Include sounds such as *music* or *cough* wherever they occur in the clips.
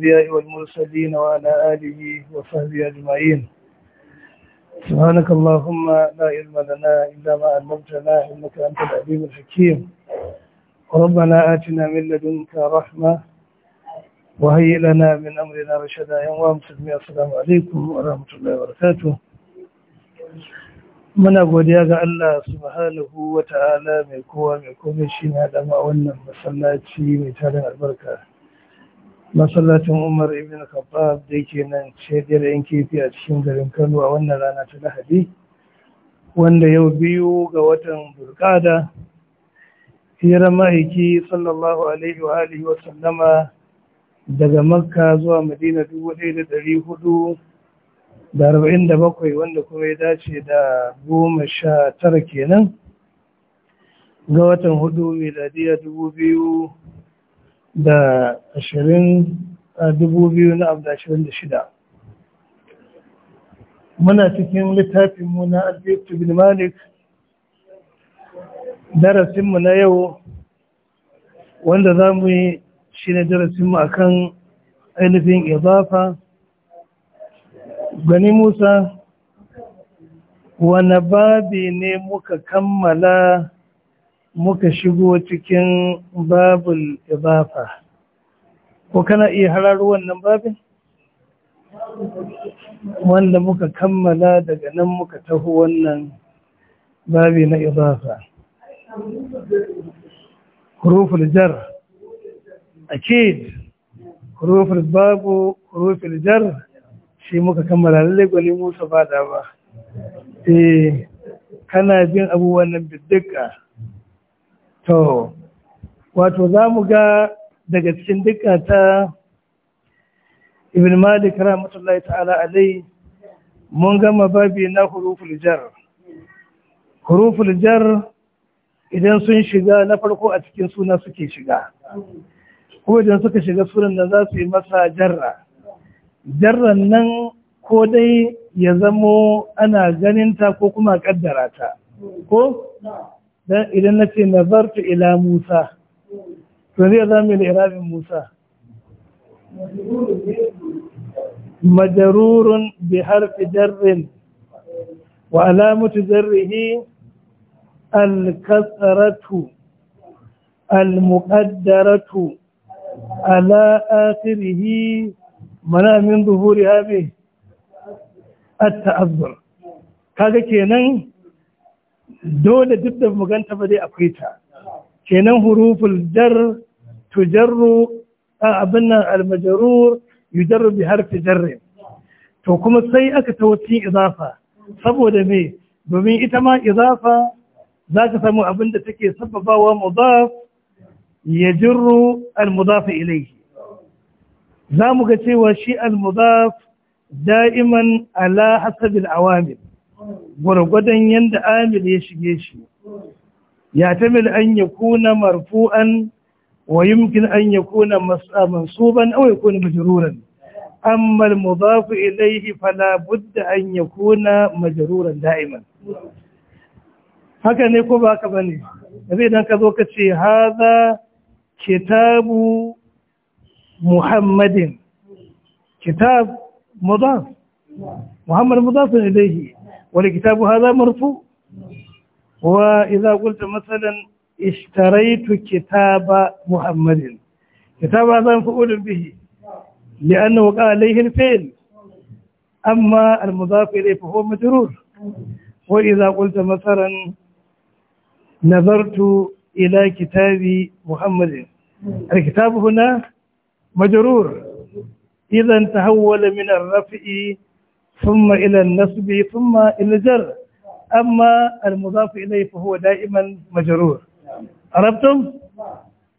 الأنبياء والمرسلين وعلى آله وصحبه أجمعين سبحانك اللهم لا علم لنا إلا ما علمتنا إنك أنت العليم الحكيم ربنا آتنا من لدنك رحمة وهيئ لنا من أمرنا رشدا يوم سلمي السلام عليكم ورحمة الله وبركاته muna godiya ga Allah subhanahu wa ta'ala mai kowa mai komai shi ne da ma wannan masallaci mai tarin albarka masallacin umar ibn khattab da yake nan shaidar yan kifi a cikin garin kano a wannan rana ta lahadi wanda yau biyu ga watan burkada hira ma'aiki sallallahu alaihi wa alihi wa sallama daga makka zuwa madina dubu ɗaya da ɗari hudu da arba'in da bakwai wanda kuma ya dace da goma sha tara kenan ga watan hudu miladiya dubu biyu da ashirin dubu biyu na abu da ashirin da shida muna cikin littafinmu na albertu bin malik darasinmu na yau wanda za mu yi shi ne darasinmu a kan ainihin izafa gani musa wane babi ne muka kammala muka shigo cikin babul ibafa ko kana iya hararo wannan babin wanda muka kammala daga nan muka taho wannan babi na ibafa huruful jar akid huruful babu huruful jar shi muka kammala lalle gwani musa ba da ba eh kana bin abubuwan nan biddika to wato za mu ga daga cikin dukkata ibn malik rahmatullahi ta'ala alai mun gama babi na huruful jar huruful jar idan sun shiga na farko a cikin suna suke shiga ko idan suka shiga sunan nan za su yi masa jarra jarran nan ko dai ya zamo ana ganin ta ko kuma kaddara ta ko dan idan na ce nazartu ila musa to zai zama mai irabin musa majarurun bi harfi jarrin wa alamatu jarrihi al-kasratu al-muqaddaratu ala akhirihi mana min zuhuri habi at ta'azzur kaga kenan dole duk da muganta ba dai akwai ta kenan huruful jar tujarru abin nan almajarur yujarru bi harfi jarri to kuma sai aka tawacin izafa saboda me domin ita ma izafa za ka samu abin da take sababawa mudaf ya jirru almudaf ilaihi za mu ga cewa shi almudaf da'iman ala hasabil awamil gwargwadon yadda amir ya shige shi ya tamil an yi kuna marfu'an wa yumkin an yi kuna mansuban aw yakuna majruran amma al-mudaf ilayhi fala budda an kuna majruran da'iman haka ne ko ba ka ba ne zai dan ka zo ka ce hadha kitabu muhammadin kitab mudaf muhammadin mudaf والكتاب هذا مرفوع وإذا قلت مثلا اشتريت كتاب محمد كتاب هذا مفعول به لأنه قال عليه الفعل أما المضاف إليه فهو مجرور وإذا قلت مثلا نظرت إلى كتاب محمد الكتاب هنا مجرور إذا تحول من الرفع ثم إلى النصب ثم إلى الجر أما المضاف إليه فهو دائما مجرور عرفتم؟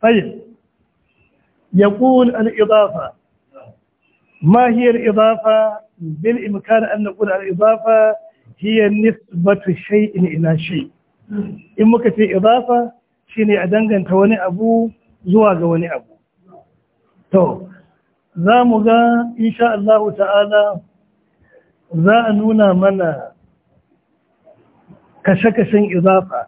طيب يقول الإضافة ما هي الإضافة؟ بالإمكان أن نقول الإضافة هي نسبة شيء إلى شيء إما كتي إضافة شيني shine a danganta wani abu zuwa ga wani abu to za mu za a nuna mana kashe-kashen izafa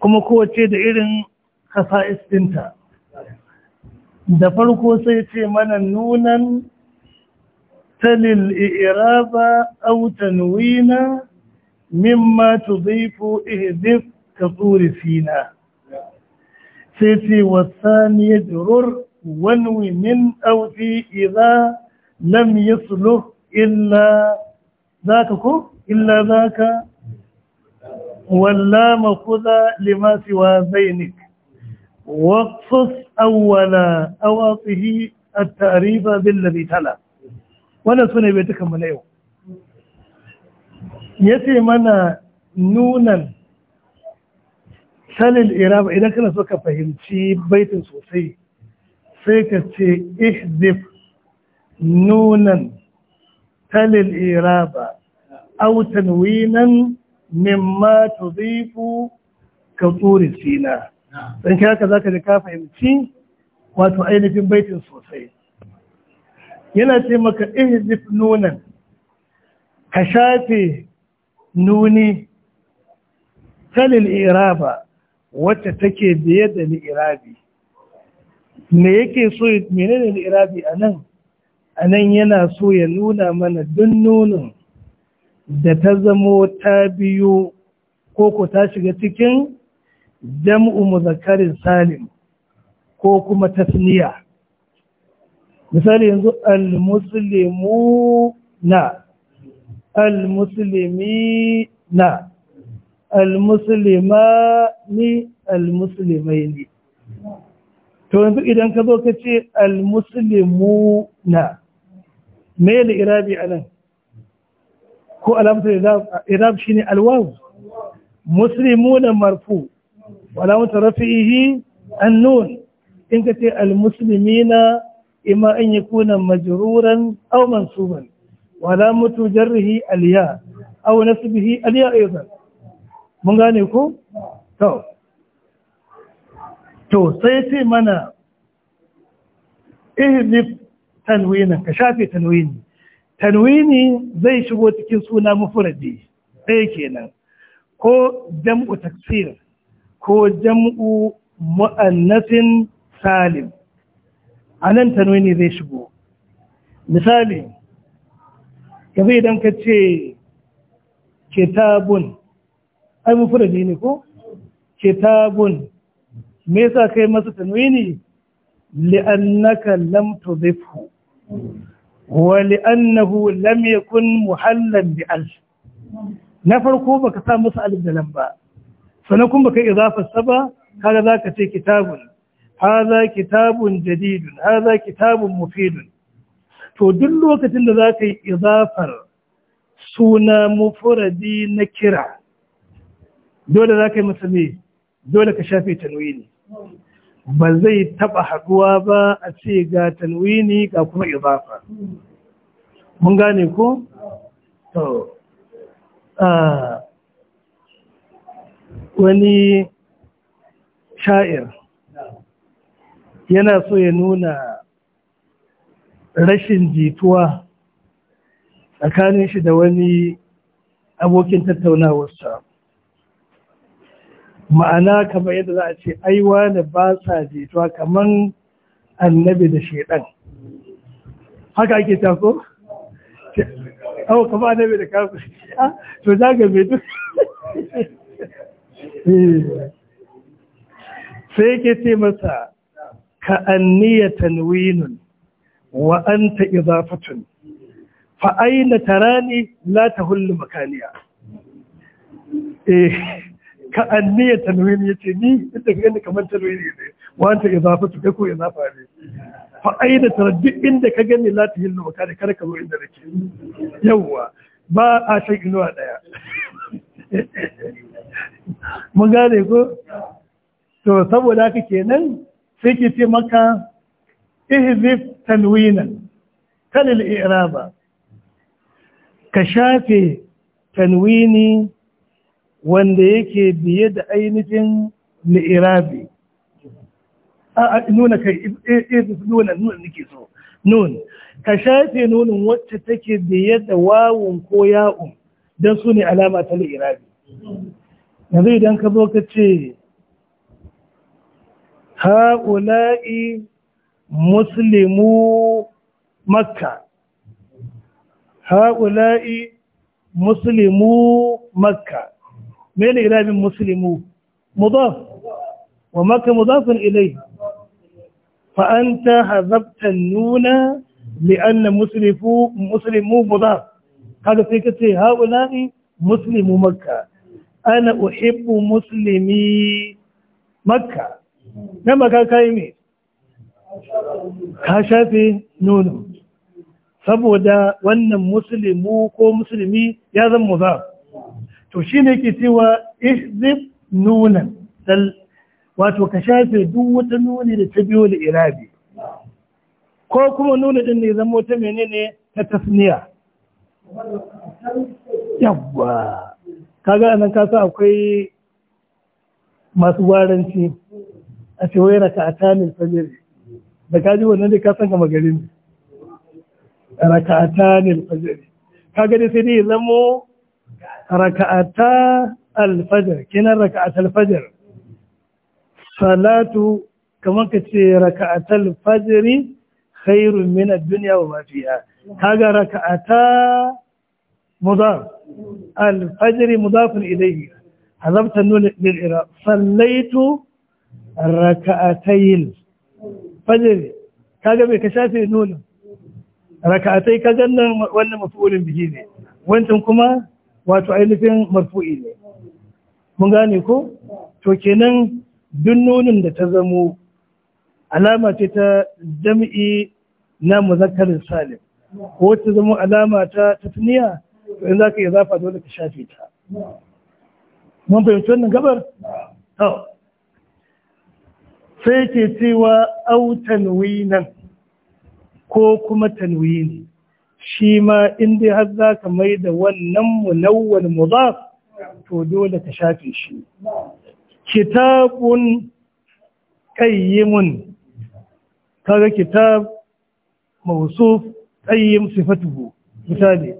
kuma kowace da irin kasa'is ɗinta da farko sai ce mana nunan talil iraba autan wina mimma tuzaifu ihdif ka tsuri fina sai ce wasani ya jirur wani min auti iza lam yi illa zaka ko illa zaka walla makuza lima wa zainik waqfus awwala awatihi at-ta'rifa bil ladhi tala wannan sune bai tukan mana yau yace mana nunan salil iraba idan kana so ka fahimci baitin sosai sai ka ce ihdif nunan Kalil الإيرابة أو تنوينا مما تضيف كطور سينا dan kira ka zaka da ka fahimci wato ainihin baitin sosai yana taimaka irin ihzif nunan ka shafe nuni kalil iraba wacce take biye da ni'irabi me yake so menene ni'irabi anan a nan yana so ya nuna mana dun nunin da ta zamo ta biyu ko ku ta shiga cikin jam'u muzakarin salim ko kuma tasniya misali yanzu al-muslimu na al-muslimi na al ni al-muslimai ne to yanzu idan ka zo ka ce al-muslimu na me da irabi a nan ko alamtar irab shi ne alwawu muslimuna marfu alamtar rafi'ihi annun in ka ce almuslimina ima an yi kunan majururan au mansuban wala mutu jarrihi aliya au nasbihi aliya ayyukan mun gane ku? to to sai sai mana ihdif tanwinan ka shafe tanwini tanwini zai shigo cikin suna mufuradi ɗaya kenan ko jam'u taksir ko jam'u mu'annasin salim a nan tanwini zai shigo misali yanzu idan ka ce kitabun ai mufuradi ne ko kitabun me yasa kai masa tanwini li'annaka lam tudhifhu wali annahu lam yakun muhallan bi alf na farko baka sa musu alif da lam ba sannan baka idafa sa ba kaga zaka ce kitabun hadha kitabun jadidun hadha kitabun mufidun to duk lokacin da zaka yi idafar suna mufradi na kira dole zaka yi musami dole ka shafe tanwini ba zai taba haduwa ba a ce ga tanwini ga kuma izafa mun gane ko to wani sha'ir yana so ya nuna rashin jituwa tsakanin shi da wani abokin tattaunawar tattaunawarsa ma'ana kamar yadda za a ce aiwa da ba sa jituwa kamar annabi da shaidan haka ake tako? awo kamar annabi da kafin ah, to za ga mai duk *laughs* eh. sai ke ce masa ka anniya tanwinun wa wa'anta izafatun fa'ai na tarani la tahullu makaniya eh ka anniya tanwin ya ce ni inda ka gani kamar tanwin ne wanta ya zafa kai ko ya zafa ne fa aina taraddi inda ka gani la ta hillu ka da kar ka zo inda nake yawwa ba a shan inuwa daya mun gane ko to saboda haka kenan sai ke ce maka ihzif tanwinan kalil i'raba ka shafe tanwini wanda yake biye da ainihin mi'irabi a nuna kai eh, eh, eh, nuna nuna nake so nun ka shafe nunin wacce take biye da wawun ko ya'un don su ne alama ta Na yanzu idan ka zo ka ce ha'ula'i muslimu makka ha'ula'i muslimu makka mene irabin من mudaf مضاف maka mudafin إليه فأنت حذبت النون لأن مسلمو مسلمو مضاف هذا في كتير هؤلاء مسلم مكة أنا أحب مسلمي مكة نما كايمي نونو سبو دا wannan مسلمو كو مسلمي يا ذا مضاف to shi ne ke cewa ihzib nunan wato ka shafe duk wata nuni da ta biyo da irabi ko kuma nuna din ne zama wata menene ta tasniya yawwa kaga nan ka sa akwai masu waranci a ce wai raka a fajr da kaji wannan da ka san ga magarin raka a fajr kaga dai sai dai zamo raka'ata alfajar kinan raka'ata alfajar salatu kamar ka ce raka'ata alfajiri khairun min ad-dunya wa ma fiha kaga raka'ata mudaf alfajiri mudafun ilayhi حذفت النون للإراء صليت ركعتين فجر كاجا بكشافي نون ركعتين كاجا وانا مفعول به وانتم كما wato ainihin marfu'i ne mun gane ko to kenan duk nunin da ta zamo alama ce ta jam'i na muzakkarin salim ko ta zamo alama ta tafiya to in za ka iya zafa dole ka shafe ta mun fahimci wannan gabar sai ke cewa au nan, ko kuma ne. shi ma in dai har za ka mai da wannan munawwal mudaf to dole ka shafe shi kitabun qayyimun kaga kitab mawsuf qayyim sifatuhu misali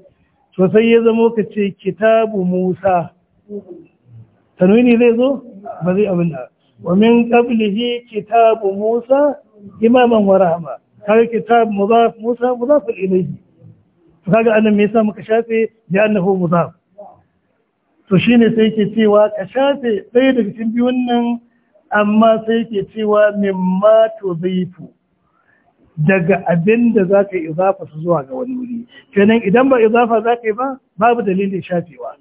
to sai ya zama ka ce kitabu Musa tanwini zai zo ba zai abin da wa min qablihi kitabu Musa imaman wa rahma kaga kitab mudaf Musa mudaf ilayhi to kaga annan me yasa muka shafe ya annahu mudaf to shine sai yake cewa ka shafe Sai daga cikin biyun nan amma sai yake cewa mimma to zaifu daga abin da za ka izafa su zuwa ga wani wuri kenan idan ba izafa za ka yi ba babu dalilin shafewa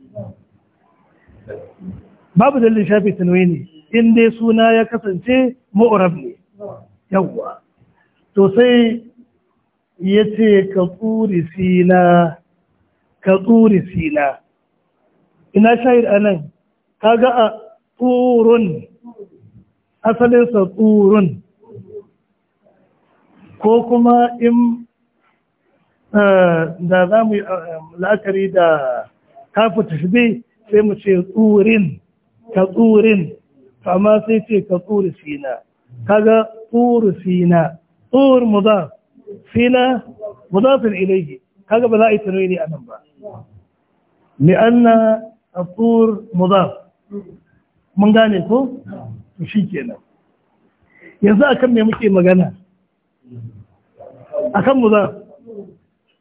babu dalilin shafe tanwe ne in dai suna ya kasance mu'rab ne yawwa to sai ya ce ka tsuri sila ka tsuri sila ina shahid a nan ga a tsurun asalinsa tsurun ko kuma in eh, da za mu yi eh, la'akari da kafin tashbe sai mu ce tsurin ka tsurin amma sai ce ka tsuri ka kaga tsuri sina tsur mudaf fila mudafin ilayhi kaga ba za a yi tanwini a nan ba li'anna afur mudaf mun gane ko to shikenan yanzu akan me muke magana akan mudaf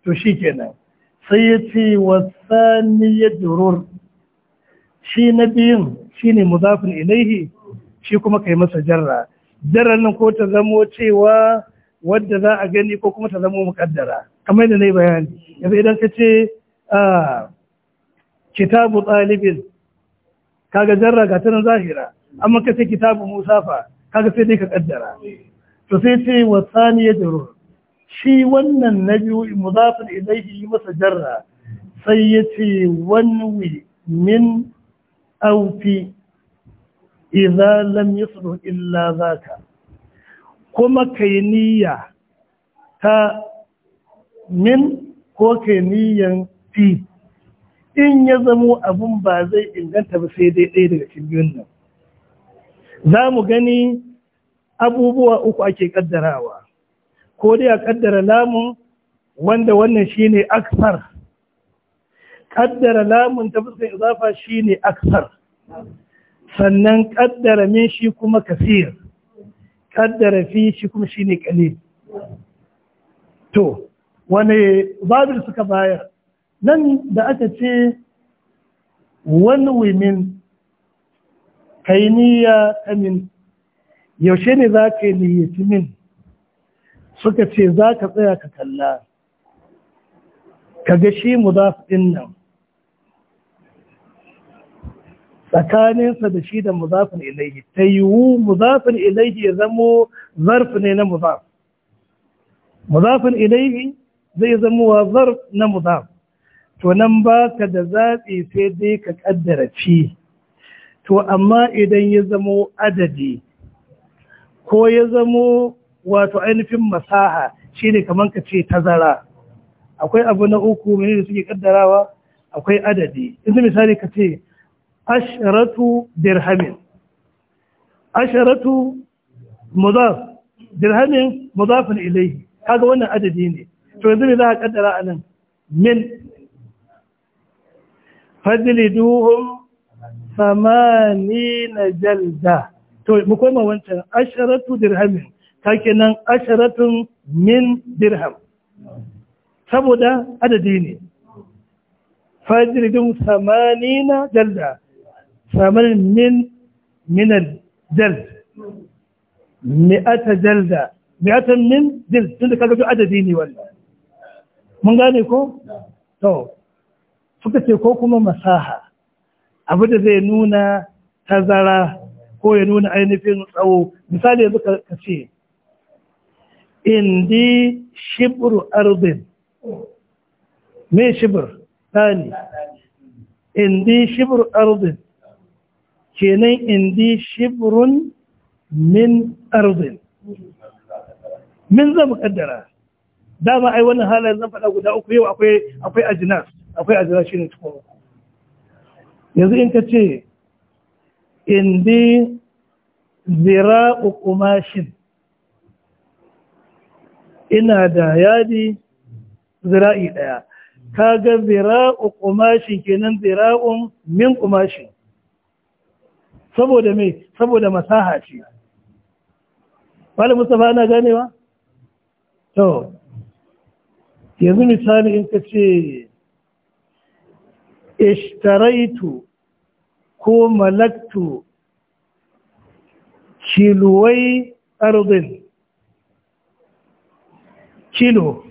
to shikenan sai ya ce wasani ya durur shi na biyun shine muzafin ilaihi shi kuma kai masa jarra jarra nan ko ta zamo cewa wadda za a gani ko kuma ta zama muƙaddara kamar da na yi bayani yanzu idan ka ce ah, kitabu ɗalibin kaga jarra ga tanan zahira amma ka ce kitabu musafa kaga sai dai ka kaddara to sai ce wa ya jarur shi wannan na biyu mudafin ilaihi yi masa jarra sai ya ce wani min aufi idan lam yusru illa zaka kuma ka yi niyya ta min ko ka yi niyyan fi in ya zamo abin ba zai inganta ba sai dai ɗaya daga cikin biyun nan za mu gani abubuwa uku ake ƙaddarawa, ko dai a kaddara lamun wanda wannan shi ne aksar kaddara lamun ta fuskar izafa ne aksar sannan ƙaddara min shi kuma kasir kaddara fi shi kuma shi ne kalil to wane babin suka bayar nan da aka ce wani wimin kainiya amin yaushe ne za ka yi niyyaci min suka ce za ka tsaya ka kalla ka ga shi mu za su nan tsakaninsa da shi da muzafin ilaihi ta yiwu muzafin ilaihi ya zamo zarf ne na muzaf muzafin ilaihi zai zamo wa zarf na muzaf to nan ba ka da zaɓi sai dai ka ƙaddara ci to amma idan ya zamo adadi ko ya zamo wato ainihin masaha shi ne kamar ka ce tazara akwai abu na uku mene da suke ƙaddarawa akwai adadi inda misali ka ce asharatu dirhamin asharatu mudaf dirhamin mudafin ilai kaga wannan adadi ne to yanzu ne za a kaddara a nan min fadliduhum samanina jalda to mu koma wancan asharatu dirhamin kake nan asharatun min dirham saboda adadi ne fadliduhum samanina jalda samar min minal jald mi'ata jalda mi'atan min jald tun da kaga adadi ne wannan mun gane ko to suka ko kuma masaha abu da zai nuna tazara ko ya nuna ainihin tsawo misali yanzu ka ce indi shibru ardin me shibr tani indi shibru ardin kenan indi shibrun min arzin min zai mukaddara dama ai wannan halayen zan faɗa guda uku yau akwai akwai ajinas akwai ajinas shine cikin uku yanzu in ka ce indi zira'u kumashin ina da yadi zira'i ɗaya ka ga zira'u kumashin kenan zira'un min kumashin saboda mai, saboda masaha ce Malam Mustapha ana ganewa to yanzu misali in ka ce ishtaraitu ko malaktu kiluwai arzin? kilo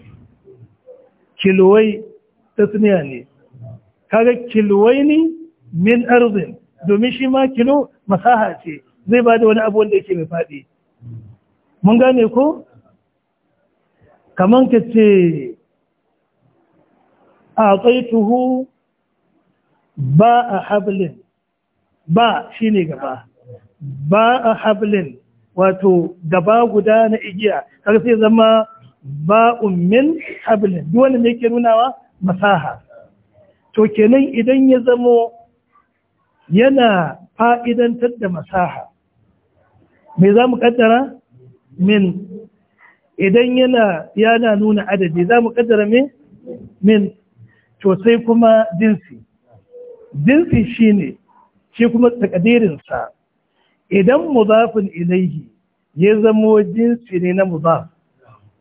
kiluwai tasniya ne kaga kiluwai ne min arzin domin shi ma kilo masaha ce zai ba da wani abu wanda yake mai faɗi mun gane ko kamar ka ce a tsaituhu ba a hablin ba shi ne gaba ba a hablin wato gaba guda na igiya kaga sai zama ba ummin hablin duwanda ne ke nunawa masaha to kenan idan ya zamo yana fa'idantar da masaha me za mu kaddara min idan yana yana nuna adadi za mu kaddara min min to sai kuma jinsi jinsi shine shi kuma takadirinsa idan muzafin ilaihi ya zama jinsi ne na mudaf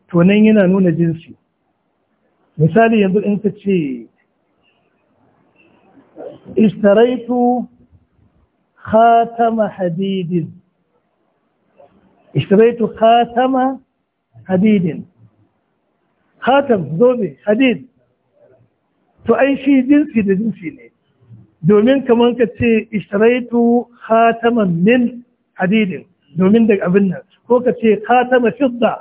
to nan yana nuna jinsi misali yanzu in ka ce istaraitu Katama hadidin ishtaraitu khatama hadidin khatam zobe hadid to ai shi jinsi da jinsi ne domin kamar ka ce ishtaraitu khataman min hadidin domin daga abin nan ko ka ce khatama fidda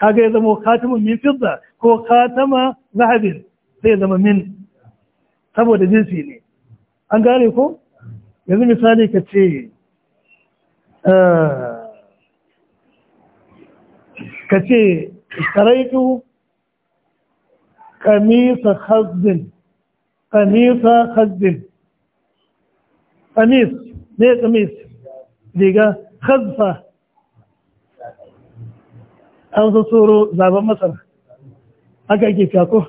kaga ya zama khataman min fidda ko khatama zahabin sai zama min saboda jinsi ne an gane ko yanzu misali ka ce ah, ka ce karaitu kamisa hasbin kamisa hasbin kamis ne kamis riga hasfa hausa tsoro zaben masar haka ake kako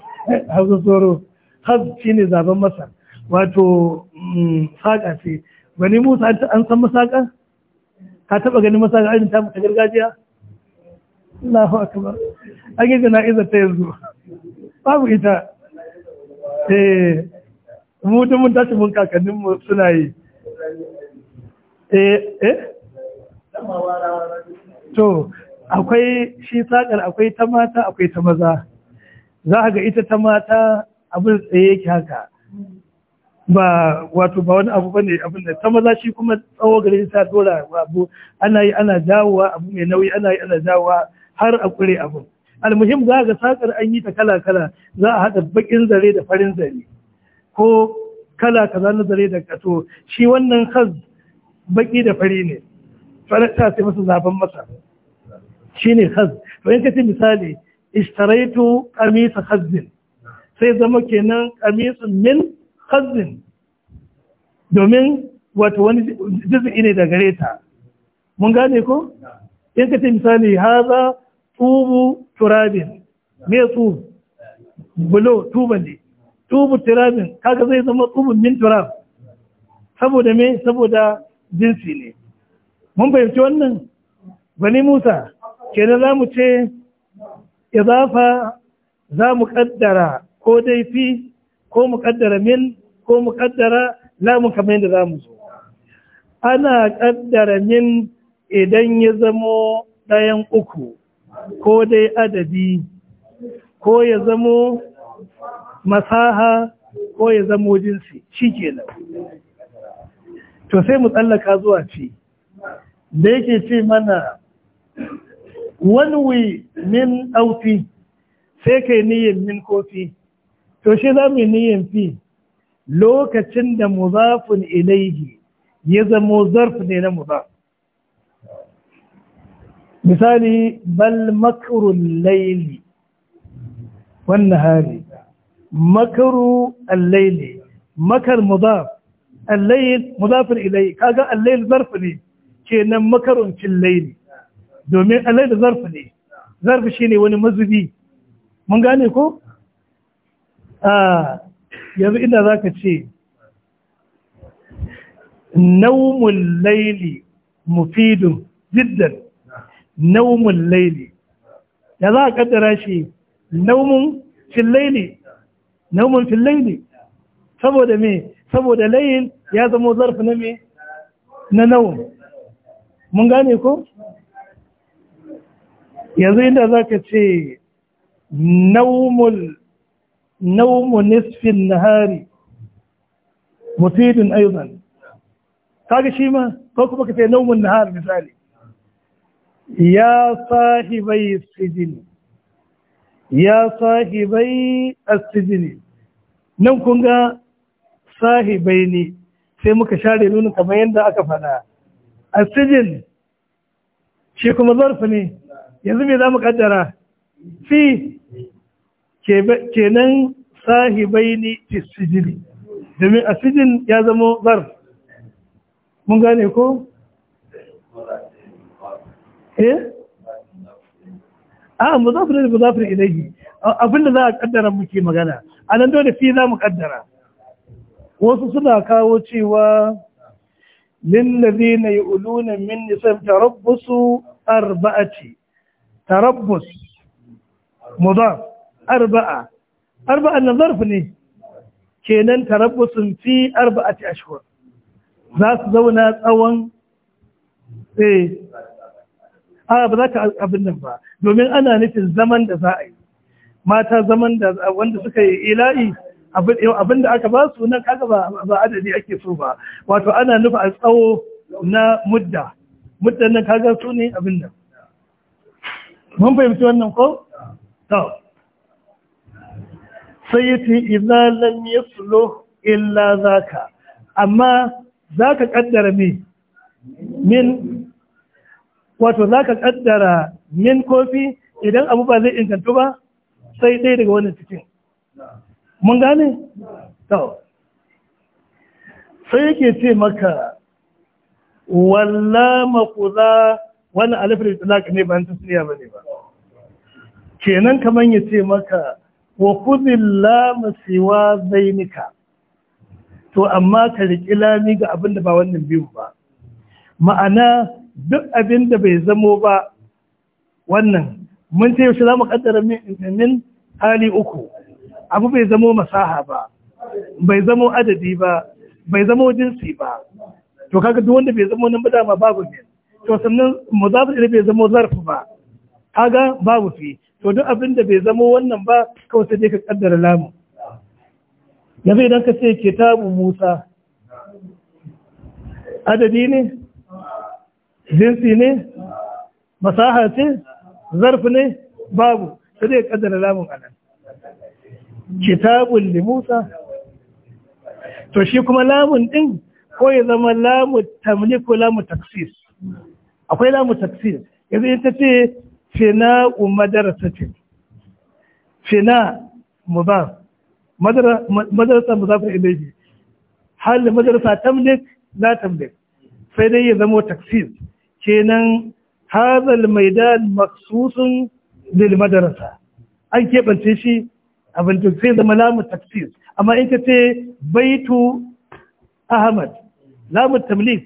hausa tsoro hasbi ne zaben masar wato mm, saƙa ce gani musa an san masaƙa ka taɓa ganin masaƙa irin ta ta gargajiya Allahu akbar an yi jana'izar ta yanzu babu ita eh mu duk mun tashi mun kakannin mu suna yi eh eh to akwai shi saƙar akwai ta mata akwai ta maza za ga ita ta mata abin tsaye yake haka ba wato ba wani abu bane abin da ta maza shi kuma tsawo gare ta dora abu ana yi ana dawowa abu mai nauyi ana yi ana dawowa har a kure abu almuhim za ga sakar an yi ta kala kala za a haɗa bakin zare da farin zare ko kala kaza na zare da kato shi wannan haz baki da fari ne farata sai masa zaben masa shine haz to in kace misali ishtaraitu qamisa hazbin sai zama kenan qamisun min kazin domin wato wani jizi ne da gare ta mun gane ko in ka ce misali haza tubu turabin me tubu bulo tuban ne tubu turabin kaga zai zama tubun min turab saboda me saboda jinsi ne mun fahimci wannan bani musa kenan za mu ce idafa za mu kaddara ko dai fi ko mu kaddara min ko mu kaddara lamun kamar yadda za mu zo ana kaddara min idan ya zamo ɗayan uku ko dai adadi ko ya zamo masaha ko ya zamo jinsi shi kenan to sai mu tsallaka zuwa ce da yake ce mana wani min ɗauki, sai kai niyyar min kofi to shi za mu yi niyyar fi lokacin da muzafin ilaihi ya zamo zarfi ne na muzaf misali bal makarun laili wannan hari makaru allaili makar muzaf allail muzafin ilaihi kaga allail zarfi ne kenan makaruncin laili domin allail zarfi ne shi shine wani mazubi mun gane ko ah, yanzu inda za ka ce naumun laili mufidun jiddan naumun laili ya za a kaddara shi naumun fillaili naumun fillaili saboda me saboda layin ya zama zarfi na me na naum mun gane ko yanzu inda za ka ce naumul naumu nisfin nahari mufidin aizan kaga shi ma ko kuma ka ce naumun nahar misali ya sahibai sijini ya sahibai asijini nan kun ga sahibai ne sai muka share nuna kamar yadda aka faɗa. asijin shi kuma zarfi ne yanzu me za mu kaddara fi kenan sahibai ne tisijili domin a sijin ya zama zar mun gane ko? eh? a ah, muzafir da muzafir ilahi abinda za a kaddara muke magana a nan dole fi za mu kaddara wasu suna kawo cewa na للذين يؤلون من نساء تربص أربعة تربص مضاف arba'a arba'an nan zarfi ne kenan tarabbusun fi arba'ati ashhur za su zauna tsawon eh a ba za ka abin nan ba domin ana nufin zaman da za a yi mata zaman da wanda suka yi ila'i abin da aka ba su nan kaga ba adadi ake so ba wato ana nufi a tsawo na mudda muddan nan kaga su ne abin nan mun fahimci wannan ko? to sai ya ce idza ya yasluh illa ka amma ka kaddara me min wato za ka kaddara min kofi idan abu ba zai inganta ba sai dai daga wani cikin mun gane to sai yake ce maka walla makuza wani alifin itilaka ne ba ta suniya ba ne ba kenan kamar ya ce maka wa kudi lamu zainika to amma ka riƙi lami ga abin da ba wannan biyu ba ma'ana duk abin da bai zamo ba wannan mun ce yaushe za mu ƙaddara min hali uku abu bai zamo masaha ba bai zamo adadi ba bai zamo jinsi ba to kaga duk wanda bai zamo nan ba dama babu ne to sannan mu za muzafir bai zamo zarfi ba kaga babu fi to duk abin da bai zama wannan ba kawai sai ka kaddara lamu bai idan ka ce tabu musa adadi ne jinsi ne masaha ce zarfi ne babu sai ka kaddara lamun anan kitabun li musa to shi kuma lamun din ko ya zama lamun tamliku lamun taksis akwai lamun taksis yanzu in ta ce fina ummadarasatin fina mudaf madarasa mudafin ilayhi hal madarasa tamlik la tamlik sai dai ya zama taksir kenan hadha maidan maksusun lil madarasa an keɓance shi abin da sai zama lamu taksir amma in ka ce baitu ahmad lamu tamlik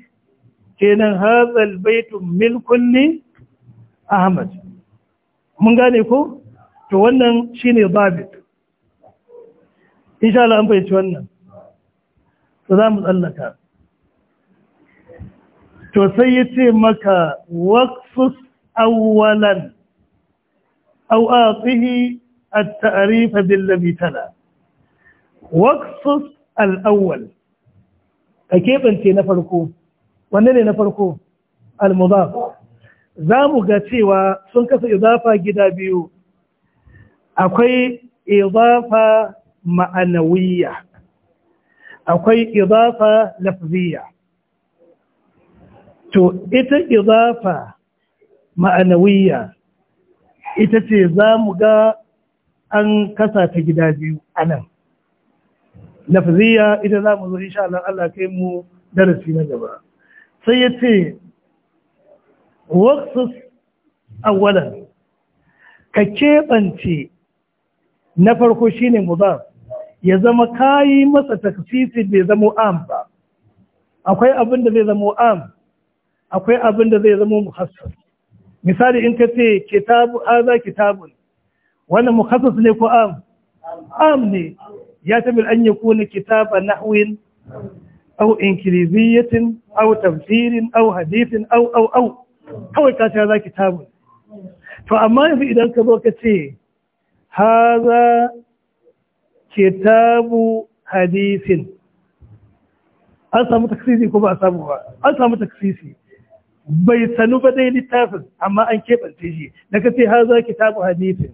kenan hadha Baitu milkun ahmad mun gane ko to wannan shine babit insha Allah an fahimci wannan to za mu tsallaka to sai yace maka waqfus awwalan aw atihi at-ta'rif bil ladhi tala waqfus al-awwal ka kebance na farko wanne ne na farko al-mudaf za mu ga cewa sun kasa izafa gida biyu akwai izafa ma'anawiyya akwai izafa lafziya to ita izafa ma'anawiyya ita ce za mu ga an kasa ta gida biyu anan. nan lafziya ita za mu zo insha Allah Allah kai mu darasi na gaba sai yace waksus awwalan ka keɓance na farko shine mudaf ya zama kayi masa taksisi bai zama am ba akwai abin da zai zama am akwai abin da zai zama muhassas misali in ka ce kitabu aza kitabun wannan muhassas ne ko am am ne ya tabi an yakuna kitaba nahwin aw inkiliziyatin aw tafsirin aw hadithin aw aw aw kawai ka za ki tamu to amma yanzu idan ka zo ka ce haza kitabu hadisin an samu taksisi ko ba a samu ba an samu taksisi bai sanu ba dai littafin amma an keɓance shi da ka ce haza kitabu hadisin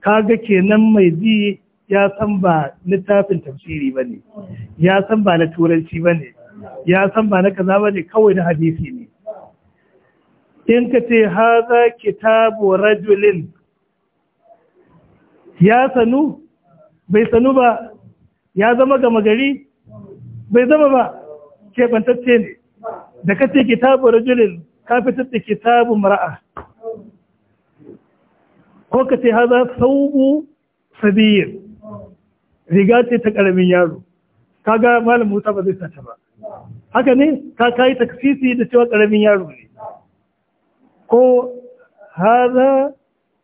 kaga kenan mai ji ya san ba littafin tafsiri ba ne ya san ba na turanci ba ne ya san ba na kaza ba ne kawai na hadisi ne in ka ce haza kitabu rajulin ya sanu bai sanu ba ya zama gama gari bai zama ba keɓantacce ne da ka ce kitabu rajulin ka fitar da kitabu mara'a ko ka ce haza saubu sabiyin riga ce ta ƙaramin yaro kaga malam musa ba zai sata ba haka ne ka kayi taksisi da cewa ƙaramin yaro ne ko haza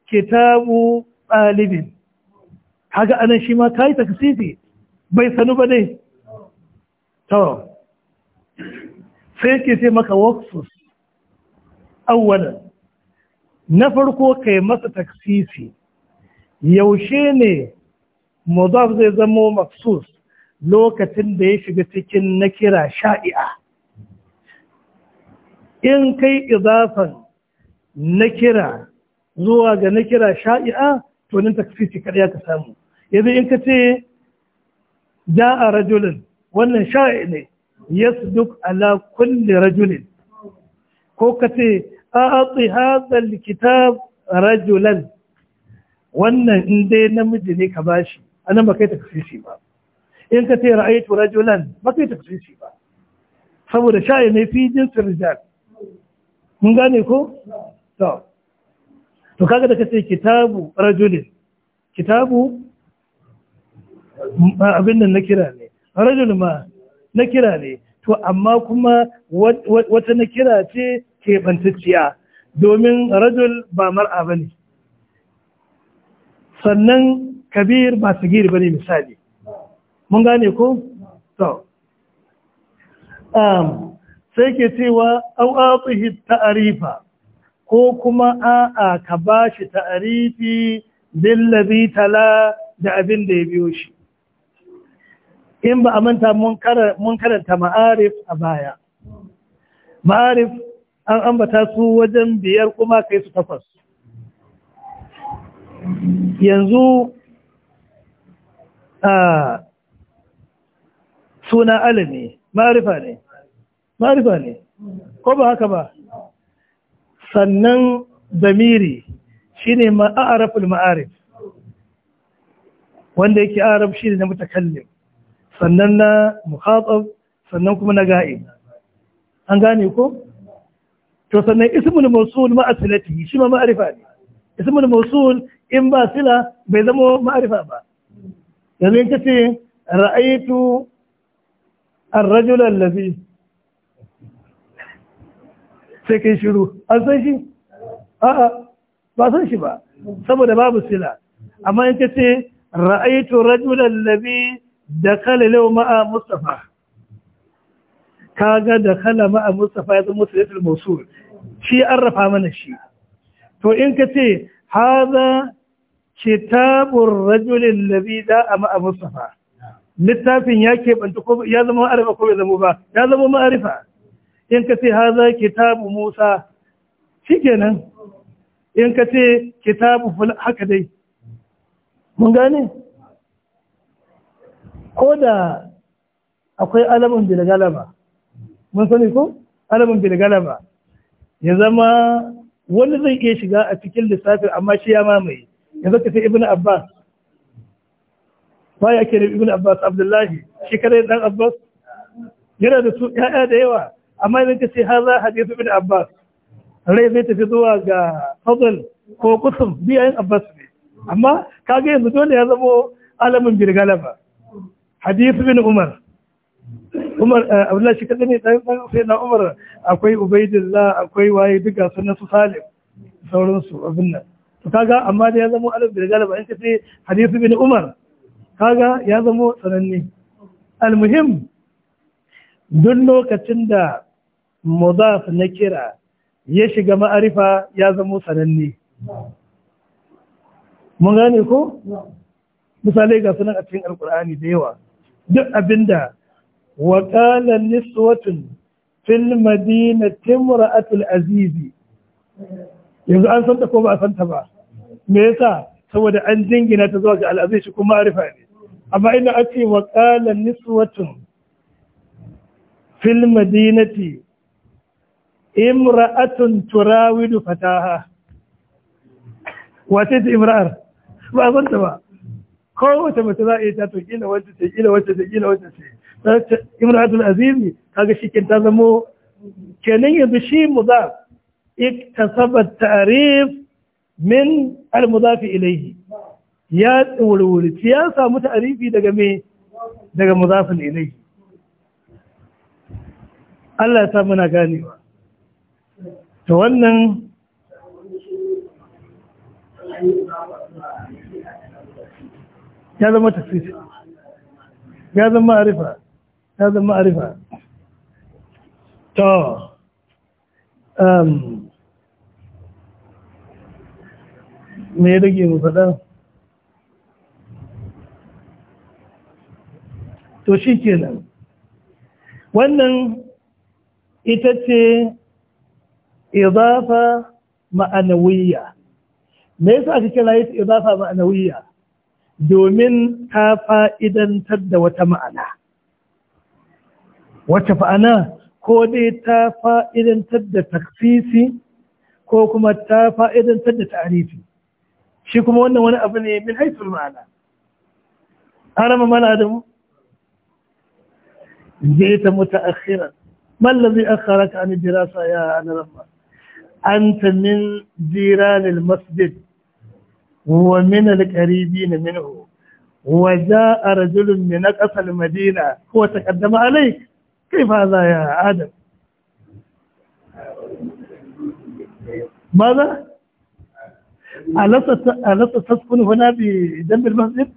kitabu ɗalibin haga anan shi ma ka yi taksidi bai sanu ba ne? to sai ke sai maka waksus na farko kai masa taksisi yaushe ne mudaf zai zamo maksus lokacin da ya shiga cikin na kira sha'i'a in kai izafan na kira zuwa ga na kira sha'i'a to nan takfifi kaɗai ka samu yanzu in ka ce ja a rajulin wannan sha'i ne su duk ala kulle rajulin ko ka ce a atsi hazal kitab rajulan wannan in dai namiji ne ka bashi anan baka yi takfifi ba in ka ce ra'aitu rajulan ba yi takfifi ba saboda sha'i ne fi jinsin rijal mun gane ko to kaga da kace kitabu rajulin kitabu abin nan na kira ne rajul ma na kira ne to amma kuma wata na kira ce keɓantacciya domin rajul ba mar'a ba ne sannan kabir ba giri ba ne misali mun gane ko? to sai ke cewa an atsihi ta'arifa ko kuma a'a ka ba shi ta'arifi billabi tala da abin da ya biyo shi in ba a manta mun karanta ma'arif a baya ma'arif an ambata su wajen biyar kuma kai su takwas yanzu a suna alami ma'arifa ne ma'arifa ne ko ba haka ba sannan shi shine ma'araful ma'arif wanda yake arab ne na mutakallim sannan na muhatsar sannan kuma na ga'ib an gane ko to sannan ismul mawsul ma asilati shi ma ma'arifa ne ismul mawsul in ba sila bai zama ma'arifa ba yanzu yin kace ra'aytu ar-rajula allazi sai kai shiru an san shi a'a ba san shi ba saboda babu sila amma in kace ra'aytu rajulan ladhi dakala law ma'a mustafa kaga dakala ma'a mustafa ya zama silatul mawsul shi arrafa mana shi to in kace hadha kitabur rajulin ladhi da ma'a mustafa littafin ya bantu ko ya zama ma'arifa ko ya zama ba ya zama ma'arifa in ka ce haza kitabu Musa shikenan in ka ce kitabu fula haka dai mun gane ko da akwai alamun bil galaba mun sani ko alamun bil galaba ya zama wani zai iya shiga a cikin lissafin amma shi ya mamaye yanzu ka sai ibnu abbas baya ke da ibnu abbas abdullahi shi kare dan abbas yana da su ya'ya da yawa amma idan ka ce haza hadithu ibn abbas rai zai tafi zuwa ga fadl ko kusum biyayen abbas ne amma kaga yanzu dole ya zamo alamin birgalaba hadithu ibn umar umar eh, abdullahi shi kadai ne dan sai na umar akwai ubaidillah akwai waye duka sunan su salim sauransu abin nan to kaga amma da ya zamo alamin birgalaba in ka ce hadithu ibn umar kaga ya zamo sananne almuhim duk lokacin da mudaf na kira ya shiga ma'arifa ya zama sananne mun gane ko misalai ga sunan a cikin alkur'ani da yawa duk abinda wa qala niswatun fil madinati imra'atul yanzu an santa ko ba a santa ba me yasa saboda an jingina ta zuwa ga al'aziz kuma ma'arifa ne amma ina ake wa qala niswatun fil madinati imra'atun turawidu fataha wace ce imra'ar ba a zanta ba kowace mace za a yi ta to wace ce kila wace ce kila wace ce imra'atul azimi kaga shikin ta zamo kenan yanzu shi mudaf iktasabat ta'rif min al-mudaf ilayhi ya tsururi ya samu ta'rifi daga me daga mudaf ilayhi Allah ya sa muna ganewa to wannan ya zama tafsir ya zama arifa ya zama arifa to um me rage mu faɗa to shi nan wannan ita ce إضافة معنوية ليس أكيد لايت إضافة معنوية دومين تافا إذن تد وتمعنى وتفعنا كودي تافا إذن تد تخصيصي كوكما تافا إذن تد تعريفي شكما وانا وانا أبني من حيث المعنى أنا ما أنا أدم جيت متأخرا ما الذي أخرك عن الدراسة يا أنا رمضان أنت من جيران المسجد ومن القريبين منه وجاء رجل من أقصى المدينة هو تقدم عليك كيف هذا يا آدم ماذا ألست تسكن هنا بجنب المسجد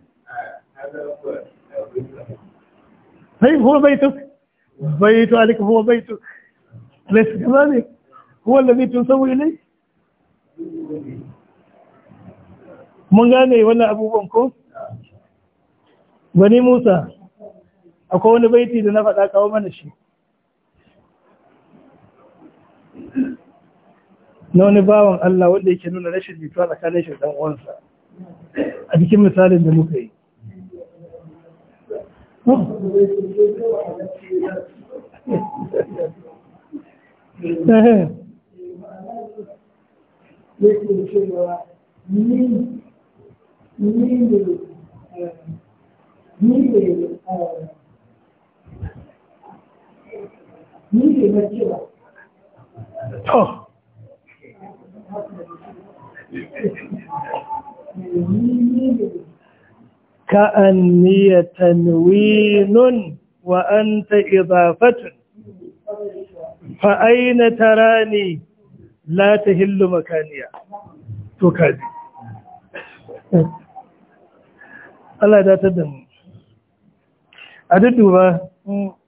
طيب هو بيتك بيت عليك هو بيتك ليس كذلك huwa allazi tunsabu ilai mun gane wannan abubuwan ko bani Musa akwai wani baiti da na faɗa kawo mana shi na wani bawan Allah wanda yake nuna rashin jituwa tsakanin shi da uwansa a cikin misalin da muka yi *laughs* eh, eh. يكون شيء كأني تنوين وأنت إضافة فأين تراني la ta hillu makaniya to kaji Allah ya datar da mu a duk duba mm,